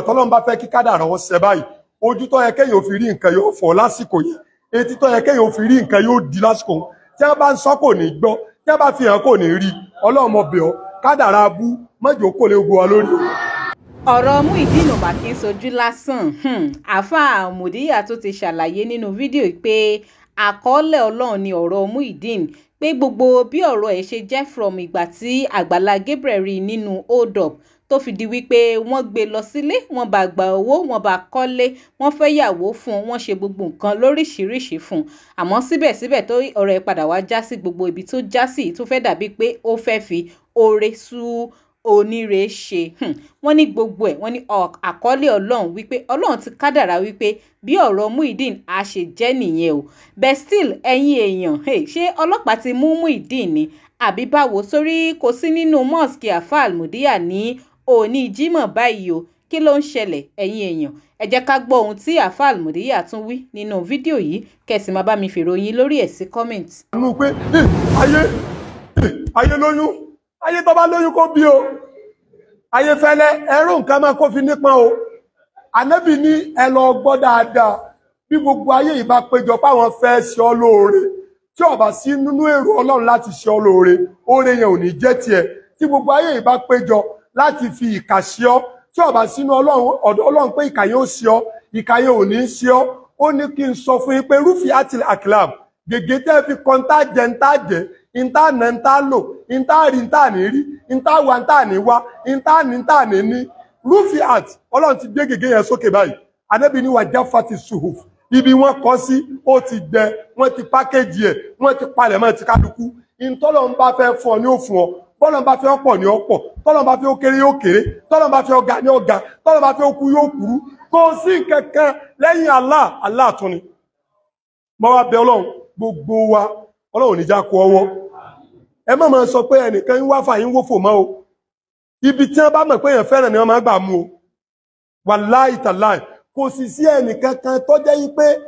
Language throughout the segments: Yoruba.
tọ́lọ́n bá fẹ́ kí kádàrá ọ ṣẹ báyìí ojú tó yẹ kéèyàn fi rí nǹkan yóò fọ́ lásìkò yẹn etí tó yẹ kéèyàn fi rí nǹkan yóò di lásìkò tí wọ́n bá ń sọ kò ní gbọ́ tí wọ́n bá fi hàn kò ní rí ọlọ́mọ bẹ̀ ọ́ kádàrá abú mọ́jọ́ kò lè gbọ́ wa lórí. ọ̀rọ̀ Muyideen Obakun sojú lásán hmm. àáfàá Muideen tó ti ṣàlàyé nínú fídíò pé àkọọ́lẹ̀ ọlọ́run ni ọ̀rọ̀ Muyideen pé gbogbo bí ọ̀rọ̀ ẹ̀ ṣe jẹ́ from ìgbà tí Àgbàlá Gabriel rí nínú hold up tó fi di wípé wọ́n gbé e lọ sílé wọ́n bá gba owó wọ́n bá kọ́lé wọ́n fẹ́ yàwó fún un wọ́n ṣe gbogbo nǹkan lóríṣìíríṣìí fún un àmọ́ síbẹ̀síbẹ̀ tó ọ̀rọ̀ ẹ̀ padà wá já sí gbogbo ibi tó já sí tó fẹ́ dàbí pé ó fẹ́ fi oore sú oníre ṣe hmm. wọ́n ní gbogbo ẹ̀ wọ́n ní àkọlé ọlọ́run wípé ọlọ́run ti kádàrá wípé bí ọ̀rọ̀ Muideen a ṣe jẹ́ nìyẹn o bẹ́ẹ̀ still ẹ̀yin èèyàn ṣé ọlọ́pàá ti mú Muideen ni àbí báwo sórí kò sí nínú mosque Alfa Almudia ní òní Jímọ̀ báyìí o kí ló ń ṣẹlẹ̀ ẹ̀yin èèyàn ẹ jẹ́ ká gbọ́ ohun tí àfa àlùmùdíyà tún wí nínú fídíò yìí kẹsì máa bá mi fèròyìn lórí ẹ̀ sí comment. àánú pé ayé ayé lóyún ayé tó bá lóyún kó bí o ayé fẹlẹ ẹrú nǹkan máa kó fi nípọn o ànábì ní ẹ lọ gbọ́ dáadáa bí gbogbo ayé yìí bá péjọ páwọn fẹ́ ṣe ọ lóore tí ó bá sí nínú èrò Ọlọ́run láti ṣe ọ lóore oore yẹn ò ní jẹ́ tiẹ̀ tí gbogbo ayé yìí bá péjọ láti fi ìkà sí ọ tí ọba sínú ọlọ́run ọ̀dọ̀ ọlọ́run pé ìkà yóò sí ọ ìkà yóò ní sí ọ ó ní kí n sọ fún yín pé rúfin àti àkìlàm gègé tẹ́ fi kọ́ ntá jẹ ntá jẹ ntá nà ntá lò ntá rí ntá ní rí ntá wa ntá ní wá ntá ní ntá ní ní rúfin àti ọlọ́run ti gbé gègé yẹn sókè báyìí anábì ní wàjá fati suhuf ibi wọ́n kọ sí ó ti gbẹ wọ́n ti pákéjì ẹ wọ́n ti palẹ̀mọ́ ti kálukú ntọ́lọ́ ń bá fẹ́ fún ọ ní òfun ọ bọ́lọ́n bá fẹ́ ọ̀pọ̀ ni ọ̀pọ̀ tọ́lọ́n bá fẹ́ ó kéré yóò kéré tọ́lọ́n bá fẹ́ ó ni ó ga fẹ́ yóò kúrú kò sí kankan lẹ́yìn Allah Allah tún ni mo wá bẹ ọlọ́run gbogbo wa ọlọ́run níjà kó ọwọ́ ẹ má máa o ibi tí wọ́n bá mọ̀ pé èèyàn ni máa gbà mú o kò sì sí tó jẹ́ pé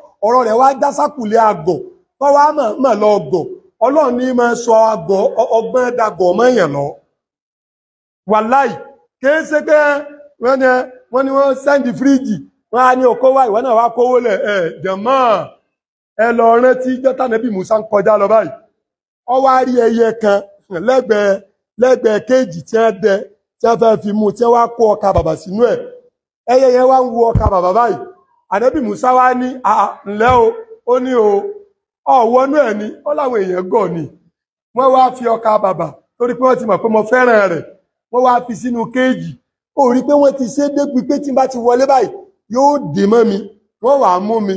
ọlọ́run ní máa sọ àgọ́ ọgbọ́n dàgọ̀ mọ́yàn lọ kìí ṣe pé wọ́n wọ́n sẹ́ǹdì fíríjì wọ́n á ní okó wá ìwọ́n náà wá kówó ẹ̀ jẹ̀mọ́ ẹ lọ rántí jọ́tà nẹ́bí Musa ń kọjá lọ báyìí ọ wá rí ẹyẹ kan lẹ́gbẹ̀ẹ́ lẹ́gbẹ̀ẹ́ kéèjì tí wọ́n dẹ tí wọ́n fẹ́ fi mú tí wọ́n Musa wá ní o ó o ọ̀wọ́ náà ni ó láwọn èèyàn gọ̀ ni wọ́n wá fi ọkà bàbà torí pé wọ́n ti mọ̀ pé mo fẹ́ràn rẹ̀ wọ́n wá fi sínú kéèjì ó rí pé wọ́n ti ṣe é débi pé tí n bá ti wọlé báyìí yóò dè mọ́ mi wọ́n wà á mú mi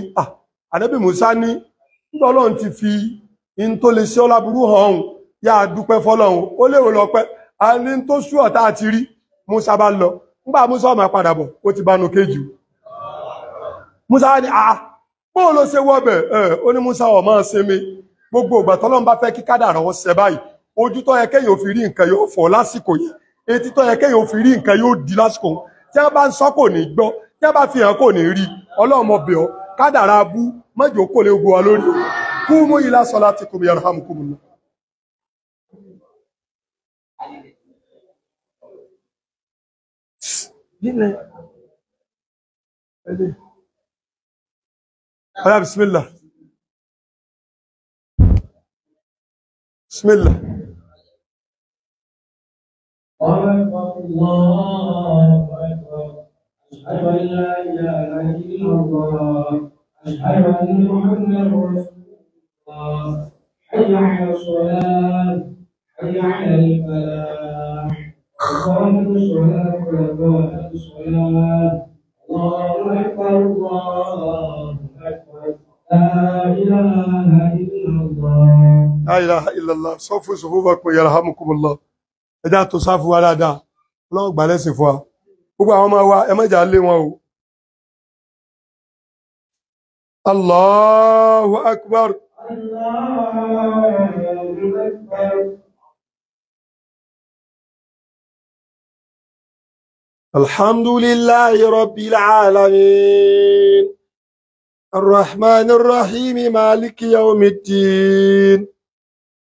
ànábì Musa ní nígbà ọlọ́run ti fi in tó lè ṣe ọláburú hàn ọ̀hún yá a dúpẹ́ fọlọ́run ó léèrò lọ́pẹ́ a ní tó sú ọ̀tá àti rí Musa bá lọ nígbà Musa ó máa bọ̀ ó ti bá nu kéèjì Musa ní a bóun ló ṣe wọbẹ̀ ẹ ó ní Musa ọ̀ máa gbogbo ìgbà tọ́lọ́run bá fẹ́ kí kádàrá ó ṣẹ báyìí ojú tó yẹ kéèyàn fi rí nǹkan yóò fọ́ lásìkò yẹn etí tó yẹ kéèyàn fi rí nǹkan yóò di lásìkò tí wọ́n bá ń sọ kò ní gbọ́ tí fi hàn kò ní rí ọ kádàrá abú mọ́jọ́ kò lè gbọ́ wa lórí kú mú ilá هيا آه، بسم الله بسم الله الله أكبر أشهد أن لا إله إلا الله أشهد أن رسول الله حي على الصلاة حي على الفلاح قامت الصلاة وقامت الصلاة الله أكبر الله لا إله إلا الله صفوا صفوفكم يرحمكم الله ẹ dá tó sáfù wa dáadáa ọlọ́run gbà lẹ́sìn fún wa gbogbo àwọn ọmọ wa ẹ má jà lé wọn o. Allahu akbar. Alhamdulillahi rabbil alamin. Ar-Rahmanir Rahim Maliki yawmiddin.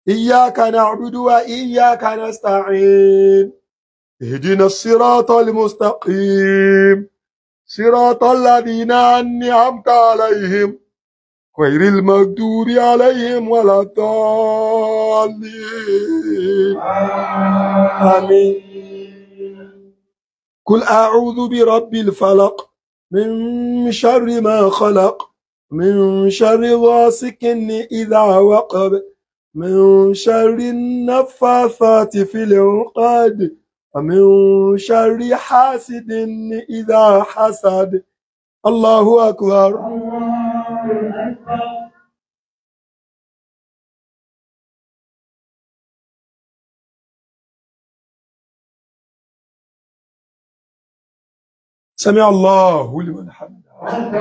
إياك نعبد وإياك نستعين اهدنا الصراط المستقيم صراط الذين أنعمت عليهم غير المغضوب عليهم ولا الضالين آمين قل أعوذ برب الفلق من شر ما خلق من شر غاسق إذا وقب من شر النفاثات في العقاد ومن شر حاسد إذا حسد الله أكبر سمع الله لمن حمده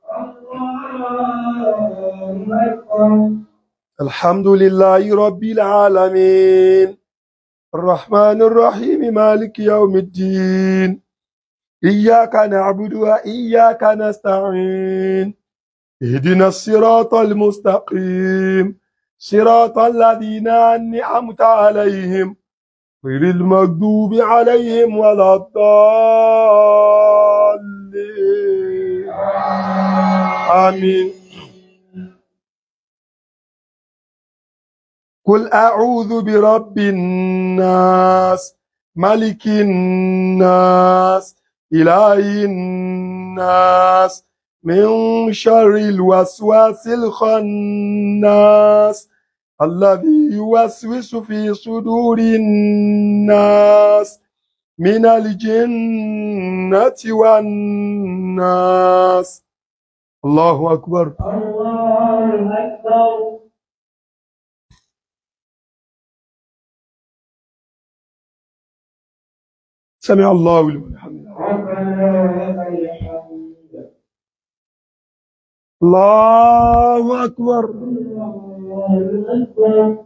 الحمد لله رب العالمين الرحمن الرحيم مالك يوم الدين إياك نعبد وإياك نستعين اهدنا الصراط المستقيم صراط الذين أنعمت عليهم غير المغضوب عليهم ولا الضالين آمين قل أعوذ برب الناس ملك الناس إله الناس من شر الوسواس الخناس الذي يوسوس في صدور الناس من الجنة والناس الله أكبر الله أكبر سمع الله لمن حمده الله أكبر الله أكبر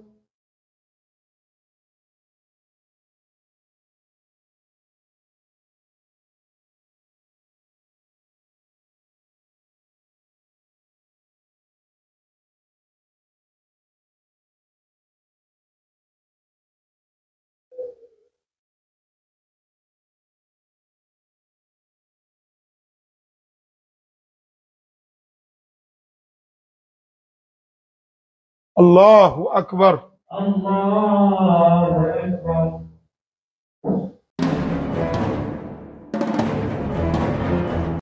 الله أكبر الله أكبر